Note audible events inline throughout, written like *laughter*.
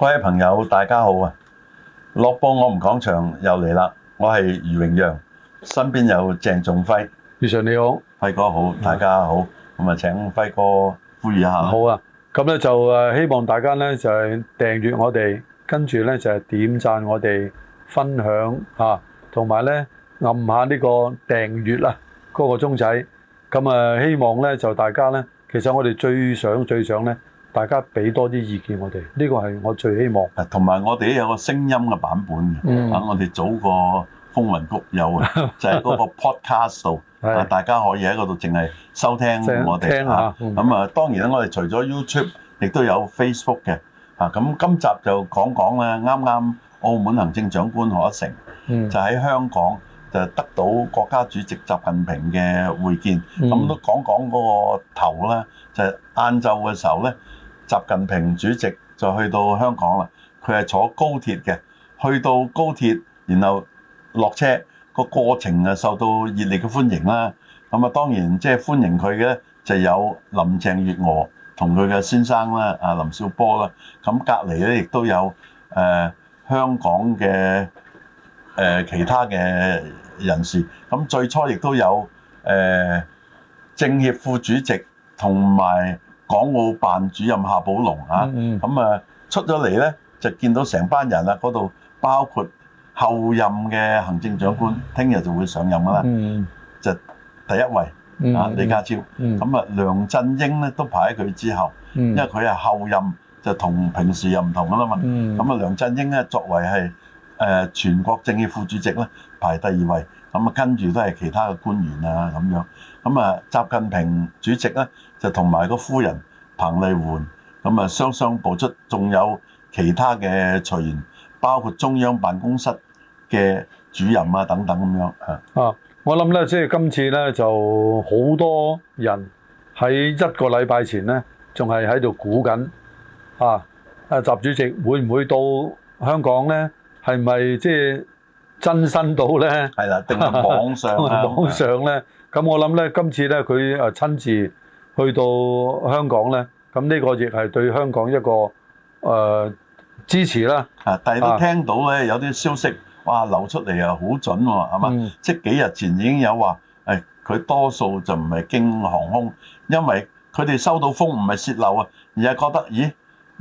各位朋友，大家好啊！樂報我哋講場又嚟啦，我係余榮讓，身邊有鄭仲輝。余 Sir 你好，輝哥好，大家好。咁啊，請輝哥呼籲一下。好啊，咁咧就誒，希望大家咧就係訂閱我哋，跟住咧就係點讚我哋，分享吓，同埋咧撳下呢個訂閱啦，嗰個鐘仔。咁啊，希望咧就大家咧，其實我哋最想、最想咧。大家俾多啲意見，我哋呢個係我最希望。同埋我哋都有個聲音嘅版本嘅，啊，我哋早個風雲谷有就係嗰個 podcast 度，啊，大家可以喺嗰度淨係收聽我哋嚇。咁啊，當然咧，我哋除咗 YouTube，亦都有 Facebook 嘅。啊，咁今集就講講咧，啱啱澳門行政長官賀一誠就喺香港就得到國家主席習近平嘅會見，咁都講講嗰個頭咧，就係晏晝嘅時候咧。習近平主席就去到香港啦，佢係坐高鐵嘅，去到高鐵，然後落車個過程啊，受到熱烈嘅歡迎啦。咁啊，當然即係歡迎佢嘅就有林鄭月娥同佢嘅先生啦，啊林少波啦。咁隔籬咧亦都有誒、呃、香港嘅誒、呃、其他嘅人士。咁最初亦都有誒、呃、政協副主席同埋。港澳辦主任夏寶龍啊，咁啊出咗嚟呢，就見到成班人啦。嗰度包括後任嘅行政長官，聽日就會上任噶啦，就第一位啊李家超。咁啊，梁振英呢都排喺佢之後，因為佢係後任，就同平時又唔同噶啦嘛。咁啊，梁振英呢作為係誒全國政協副主席呢，排第二位。咁啊，跟住都係其他嘅官員啊咁樣。咁啊，習近平主席呢。就同埋個夫人彭麗媛咁啊，雙雙步出，仲有其他嘅隨員，包括中央辦公室嘅主任啊等等咁樣啊。啊，我諗咧，即係今次咧就好多人喺一個禮拜前咧，仲係喺度估緊啊，阿習主席會唔會到香港咧？係咪即係真身到咧？係啦、啊，定係網上啊？ *laughs* 網上咧呢，咁是我諗咧，今次咧佢啊親自，去到香港呢，咁呢個亦係對香港一個、呃、支持啦。但係你聽到咧有啲消息，啊、哇流出嚟呀，好準喎，係嘛、嗯？即係幾日前已經有話，佢、哎、多數就唔係經航空，因為佢哋收到風唔係洩漏啊，而係覺得咦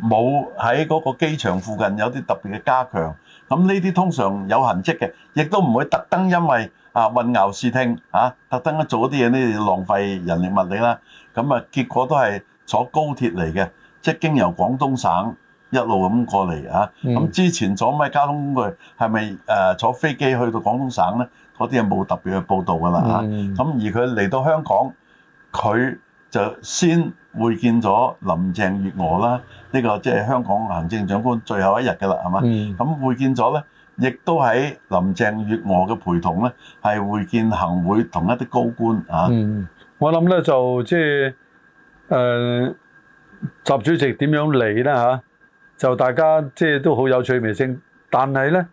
冇喺嗰個機場附近有啲特別嘅加強。咁呢啲通常有痕跡嘅，亦都唔會特登因為啊混淆視聽啊，特登做啲嘢咧浪費人力物力啦。咁啊，結果都係坐高鐵嚟嘅，即係經由廣東省一路咁過嚟啊。咁、嗯、之前坐咩交通工具？係咪誒坐飛機去到廣東省呢？嗰啲係冇特別嘅報導㗎啦嚇。咁、嗯、而佢嚟到香港，佢就先會見咗林鄭月娥啦。呢、呢個即係香港行政長官最後一日㗎啦，係嘛？咁、嗯、會見咗呢？亦都喺林鄭月娥嘅陪同呢，係會見行會同一啲高官啊。嗯我諗咧就即係誒習主席點樣嚟咧吓，就大家即、即係、都好有趣味性。但係咧，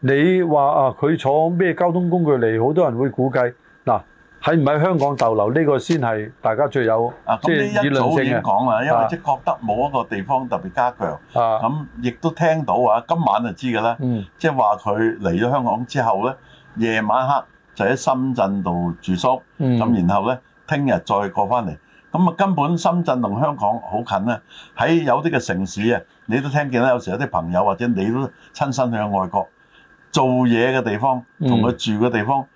你話啊佢坐咩交通工具嚟，好多人會估計嗱喺唔喺香港逗留呢、呢個先係大家最有啊。咁呢、即係、一早已經講啦，啊、因為即係覺得冇一個地方特別加強，咁亦都聽到啊，今晚就知㗎啦。嗯，即係話佢嚟咗香港之後咧，夜晚黑就喺深圳度住宿，咁、嗯、然後咧。聽日再過翻嚟，咁啊根本深圳同香港好近咧。喺有啲嘅城市啊，你都聽見啦。有時有啲朋友或者你都親身去外國做嘢嘅地方，同佢住嘅地方，嗯、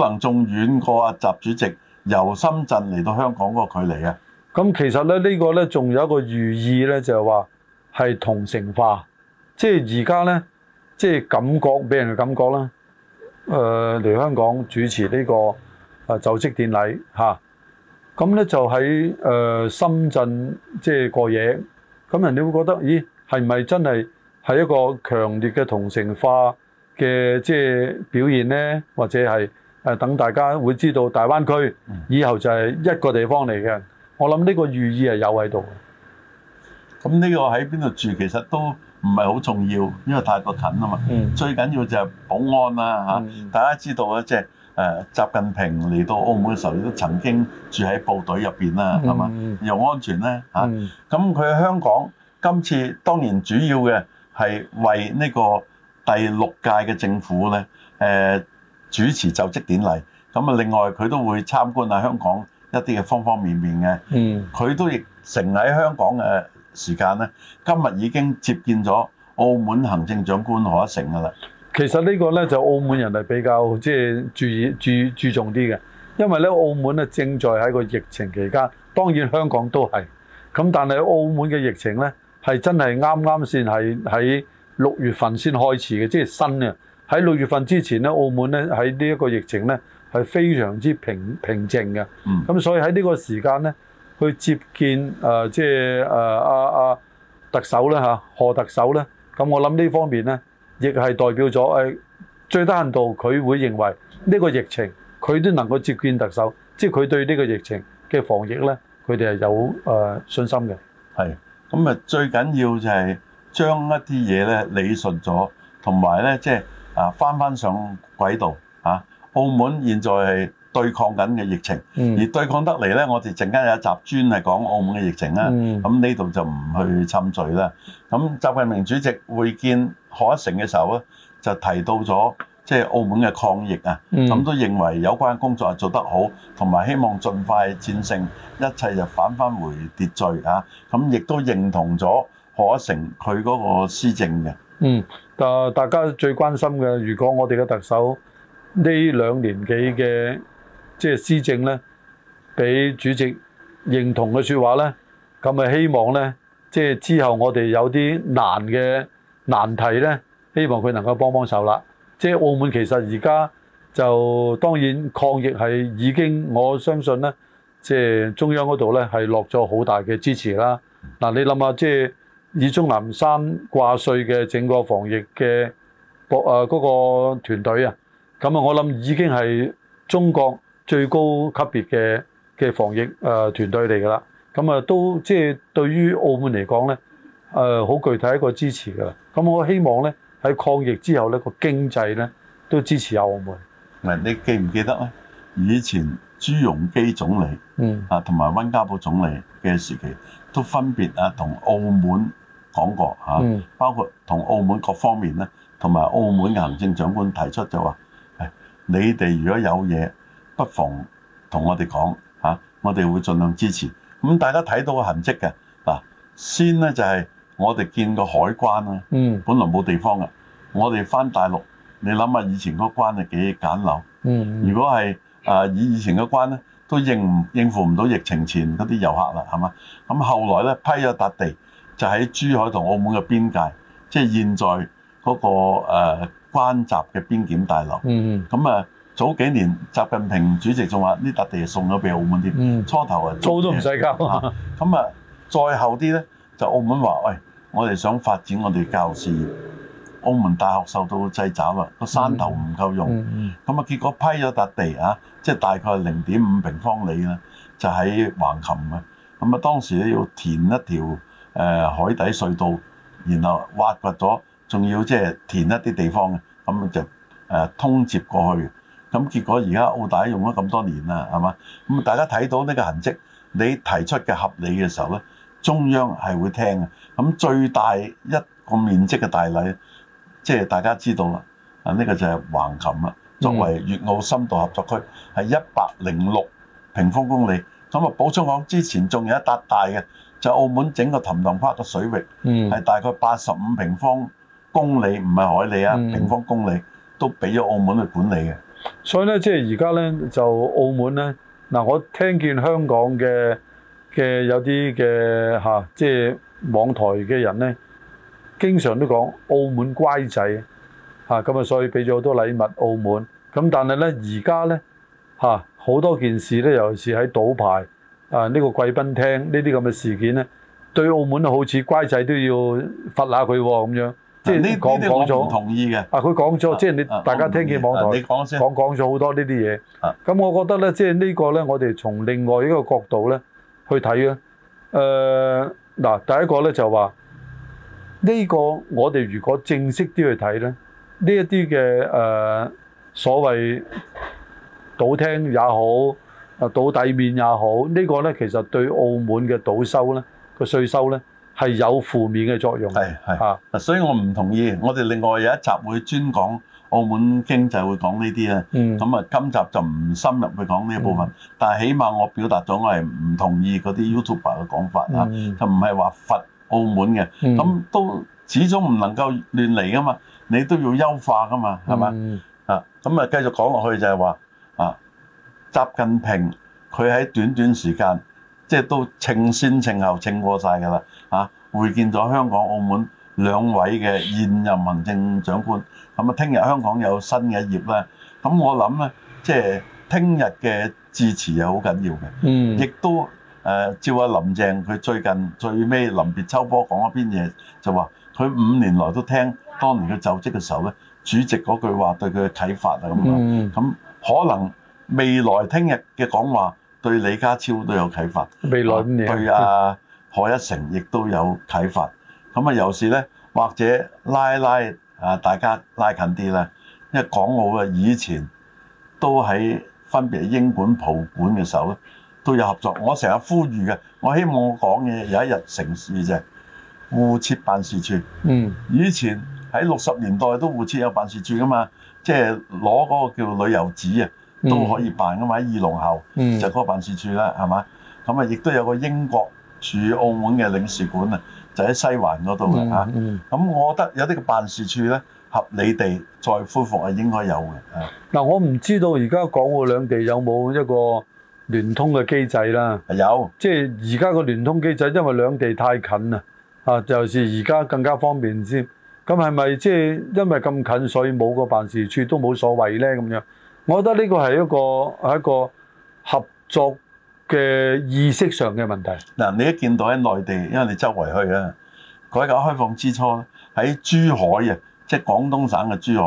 可能仲遠過阿習主席由深圳嚟到香港嗰個距離啊。咁、嗯、其實咧呢、呢個咧仲有一個寓意咧，就係話係同城化，即係而家咧即係感覺俾人嘅感覺啦。誒、呃、嚟香港主持呢個啊就職典禮、啊咁咧就喺誒深圳即係，就是，過夜，咁人哋會覺得，咦係咪真係係一個強烈嘅同城化嘅即係表現咧？或者係誒等大家會知道大灣區以後就係一個地方嚟嘅。我諗呢個寓意係有喺度嘅。咁呢個喺邊度住其實都唔係好重要，因為太過近啦嘛。嗯、最緊要就係保安啦，啊啊、大家知道啦即係。誒、呃，習近平嚟到澳門嘅時候，佢都曾經住喺部隊入邊啦，係嘛、嗯？又安全啦。嚇、嗯。咁佢喺香港、嗯、今次當然主要嘅係為呢個第六屆嘅政府咧，誒、呃、主持就職典禮。咁啊，另外佢都會參觀下香港一啲嘅方方面面嘅。嗯，佢都亦成喺香港嘅時間咧，今日已經接見咗澳門行政長官賀一誠噶啦。其實呢個呢，就澳門人係比較即係注意注注重啲嘅，因為呢澳門呢正在喺個疫情期間，當然香港都係。咁但係澳門嘅疫情呢，係真係啱啱先係喺六月份先開始嘅，即係新嘅。喺六月份之前呢，澳門呢喺呢一個疫情呢，係非常之平平靜嘅。咁所以喺呢個時間呢，去接見誒即係誒阿阿特首咧嚇，賀特首呢，咁我諗呢方面呢。亦係代表咗、哎、最低限度佢會認為呢個疫情，佢都能夠接見特首，即係佢對呢個疫情嘅防疫咧，佢哋係有、呃、信心嘅。係，咁啊最緊要就係將一啲嘢咧理順咗，同埋咧即係啊返返上軌道啊！澳門現在係對抗緊嘅疫情，而對抗得嚟咧，我哋陣間有一集專係講澳門嘅疫情啦。咁呢度就唔去侵罪啦。咁習近平主席會見賀一誠嘅時候咧，就提到咗即係澳門嘅抗疫啊。咁都認為有關工作係做得好，同埋希望盡快戰勝，一切就反翻回秩序啊。咁亦都認同咗賀一誠佢嗰個施政嘅。嗯，但係大家最關心嘅，如果我哋嘅特首呢兩年幾嘅？即係施政咧，俾主席認同嘅說話咧，咁啊希望咧，即係之後我哋有啲難嘅難題咧，希望佢能夠幫幫手啦。即係澳門其實而家就當然抗疫係已經，我相信咧，即係中央嗰度咧係落咗好大嘅支持啦。嗱，你諗下，即係以鍾南山掛帥嘅整個防疫嘅博嗰個團隊啊，咁啊我諗已經係中國。最高級別嘅嘅防疫誒團隊嚟㗎啦，咁啊都即係對於澳門嚟講咧，誒好具體一個支持㗎啦。咁我希望咧，喺抗疫之後咧，個經濟咧都支持下澳門。唔，你記唔記得啊？以前朱鎔基總理嗯、啊同埋溫家寶總理嘅時期，都分別啊同澳門講過嚇，包括同澳門各方面咧，同埋澳門嘅行政長官提出就話誒，你哋如果有嘢。不妨同我哋講吓、啊、我哋會盡量支持。咁大家睇到個痕跡嘅嗱，啊，先咧就係、是、我哋見個海關啦。嗯，本來冇地方嘅，我哋翻大陸，你諗下以前嗰關係幾簡陋。嗯，如果係啊以以前嘅關咧，都應應付唔到疫情前嗰啲遊客啦，係嘛？咁後來咧批咗笪地，就喺珠海同澳門嘅邊界，即、就、係、是、現在嗰、那個誒、啊、關閘嘅邊檢大樓。嗯嗯，咁啊。早幾年，習近平主席仲話：呢笪地送咗俾澳門添，初頭啊租、嗯、都唔使交。咁啊，再、嗯、後啲咧，就澳門話：喂、哎，我哋想發展我哋教育事業，澳門大學受到制裁啦，個山頭唔夠用。咁啊，結果批咗笪地啊，即係大概零點五平方里啦，就喺、是、橫琴啊。咁啊，當時咧要填一條、呃、海底隧道，然後挖掘咗，仲要即係填一啲地方，咁就通接過去。嗯嗯。咁結果而家澳大用咗咁多年啦，係嘛？咁大家睇到呢個痕跡，你提出嘅合理嘅時候咧，中央係會聽嘅。咁最大一個面積嘅大禮，即係大家知道啦。啊，呢個就係橫琴啦，作為粵澳深度合作區，係一百零六平方公里。咁啊，補充講之前仲有一笪大嘅，就澳門整個氹氹花嘅水域，係，嗯，大概八十五平方公里，唔係海里啊，嗯，平方公里都俾咗澳門去管理嘅。所以咧，即係而家咧就澳門咧嗱，我聽見香港嘅嘅有啲嘅嚇，即係網台嘅人咧，經常都講澳門乖仔嚇，咁啊，所以俾咗好多禮物澳門。咁但係咧，而家咧嚇好多件事咧，尤其是喺賭牌啊呢個貴賓廳呢啲咁嘅事件咧，對澳門好似乖仔都要罰下佢喎咁樣。即係呢啲，我唔同意嘅。啊，佢講咗，即係你大家聽見網台講講咗好多呢啲嘢。咁我覺得咧，即係呢個咧，我哋從另外一個角度咧去睇咧。誒，嗱，第一個咧就話呢個我哋如果正式啲去睇咧，呢一啲嘅誒所謂賭廳也好，啊賭底面也好，呢個咧其實對澳門嘅賭收咧個稅收咧，係有負面嘅作用，係係啊，所以我唔同意。我哋另外有一集會專講澳門經濟，會講呢啲啊。咁啊、嗯，今集就唔深入去講呢一部分，嗯、但係起碼我表達咗我係唔同意嗰啲 YouTuber 嘅講法、嗯、啊，就唔係話罰澳門嘅。咁、嗯、都始終唔能夠亂嚟噶嘛，你都要優化噶嘛，係咪？嗯、啊？咁啊，繼續講落去就係話啊，習近平佢喺短短時間即係都稱先稱後稱過晒㗎啦。啊！會見咗香港、澳門兩位嘅現任行政長官，咁啊，聽日香港有新嘅一頁咧。咁我諗咧，即係聽日嘅致辭係好緊要嘅。嗯。亦都誒、呃，照阿林鄭佢最近最尾臨別秋波講咗邊嘢，就話佢五年來都聽當年佢就職嘅時候咧，主席嗰句話對佢嘅啟發啊咁啊。咁、嗯、可能未來聽日嘅講話對李家超都有啟發。未來啲嘢、啊。對啊。 *laughs* 賀一誠亦都有啟發，咁啊有時咧，或者拉拉啊，大家拉近啲咧，因為港澳嘅以前都喺分別英管葡管嘅時候咧都有合作。我成日呼籲嘅，我希望我講嘅有一日城市就互設辦事處。嗯，以前喺六十年代都互設有辦事處噶嘛，即係攞嗰個叫旅遊紙啊都可以辦噶嘛。喺二龍喉就嗰個辦事處啦，係嘛、嗯？咁啊亦都有個英國。住澳門嘅領事館啊，就喺西環嗰度嘅嚇。咁、嗯嗯、我覺得有啲個辦事處咧，合理地再恢復係應該有嘅。嗱、嗯，我唔知道而家港澳兩地有冇一個聯通嘅機制啦。係有，即係而家個聯通機制，因為兩地太近啦，啊，就係而家更加方便先。咁係咪即係因為咁近，所以冇個辦事處都冇所謂咧？咁樣，我覺得呢個係一個係一個合作。嘅意識上嘅問題嗱，你一見到喺內地，因為你周圍去啊，改革開放之初喺珠海啊，即係廣東省嘅珠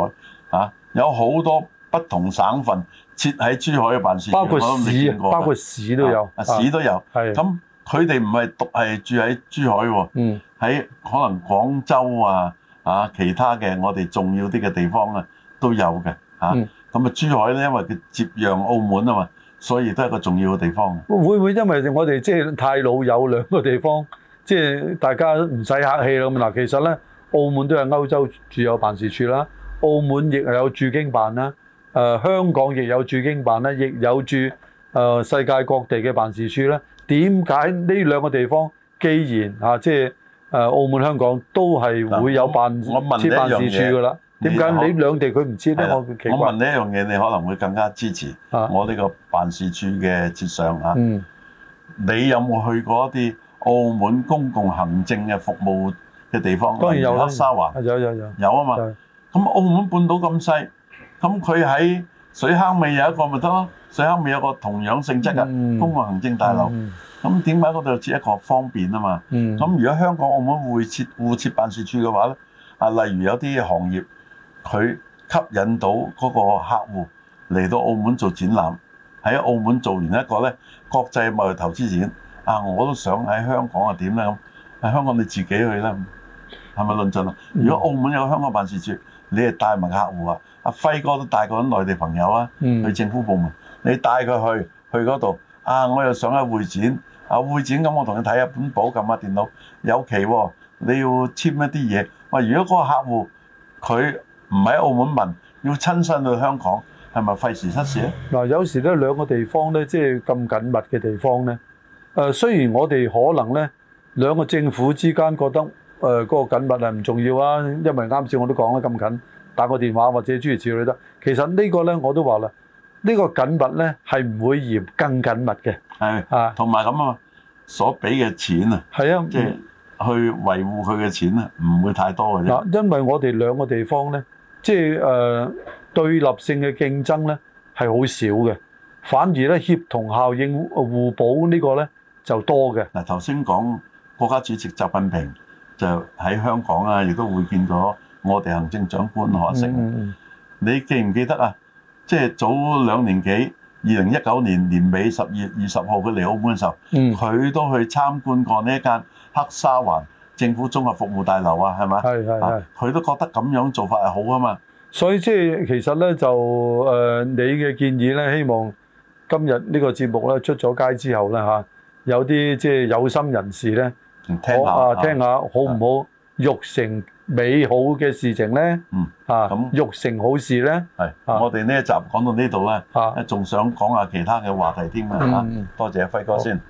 海啊，有好多不同省份設喺珠海嘅辦事，包括市，我的包括市都有，啊，市都有。咁佢哋唔係獨係住喺珠海喎，嗯，喺可能廣州啊啊，其他嘅我哋重要啲嘅地方啊都有嘅嚇。咁啊，嗯，珠海咧，因為佢接壤澳門啊嘛。所以都係一個重要嘅地方。會唔會因為我哋即係太老有兩個地方，即係大家唔使客氣啦咁，嗱，其實呢，澳門都係歐洲駐有辦事處啦，澳門亦有駐京辦啦，誒香港亦有駐京辦啦，亦有駐誒世界各地嘅辦事處啦。點解呢兩個地方既然啊，即係澳門、香港都係會有辦、辦事處㗎啦？點解你兩地佢唔知咧？我問你一樣嘢，你可能會更加支持我呢個辦事處嘅設想啊！嗯，你有冇去過一啲澳門公共行政嘅服務嘅地方？當然有黑沙環，有有有有啊嘛！咁澳門半島咁細，咁佢喺水坑尾有一個咪得咯？水坑尾有個同樣性質嘅公共行政大樓，咁點解嗰度設一個方便啊嘛？嗯，咁如果香港澳門會設互設辦事處嘅話咧，啊，例如有啲行業。佢吸引到嗰個客戶嚟到澳門做展覽，喺澳門做完一個咧國際貿易投資展，啊我都想喺香港啊點呢？咁、啊、喺香港你自己去啦，係咪論盡啊？嗯、如果澳門有香港辦事處，你係帶埋客戶啊，阿輝哥都帶過啲內地朋友啊，嗯、去政府部門，你帶佢去去嗰度，啊我又想去會展，啊會展咁我同你睇下本簿咁嘅電腦有期喎、哦，你要簽一啲嘢，哇！如果嗰個客戶佢，唔喺澳門問，要親身去香港係咪費時失事咧？嗱，有時咧兩個地方咧即係咁緊密嘅地方咧，誒雖然我哋可能咧兩個政府之間覺得誒嗰個緊密係唔重要啊，因為啱先我都講啦咁緊，打個電話或者諸如此類得。其實呢個咧我都話啦，呢個緊密咧係唔會嫌更緊密嘅，係啊，同埋咁啊所俾嘅錢啊，係啊，即係去維護佢嘅錢啊，唔會太多嘅啫。嗱，因為我哋兩個地方咧。即係誒、呃、對立性嘅競爭咧係好少嘅，反而咧協同效應、互補個呢個咧就多嘅。嗱，頭先講國家主席習近平就喺香港啊，亦都會見咗我哋行政長官賀一誠，mm hmm. 你記唔記得啊？即、就、係、是、早兩年幾，二零一九年年尾十二月二十號佢嚟澳門嘅時候，佢、mm hmm. 都去參觀過呢一間黑沙環政府綜合服務大樓啊，係咪？係係係，佢都覺得咁樣做法係好啊嘛。所以即係其實咧，就誒、呃、你嘅建議咧，希望今日呢個節目咧出咗街之後咧嚇、啊，有啲即係有心人士咧，聽下，聽下好唔好，育成美好嘅事情咧。嗯啊，咁育成好事咧。係，我哋呢一集講到呢度咧、啊，啊，仲想講下其他嘅話題添啊。多謝輝哥先。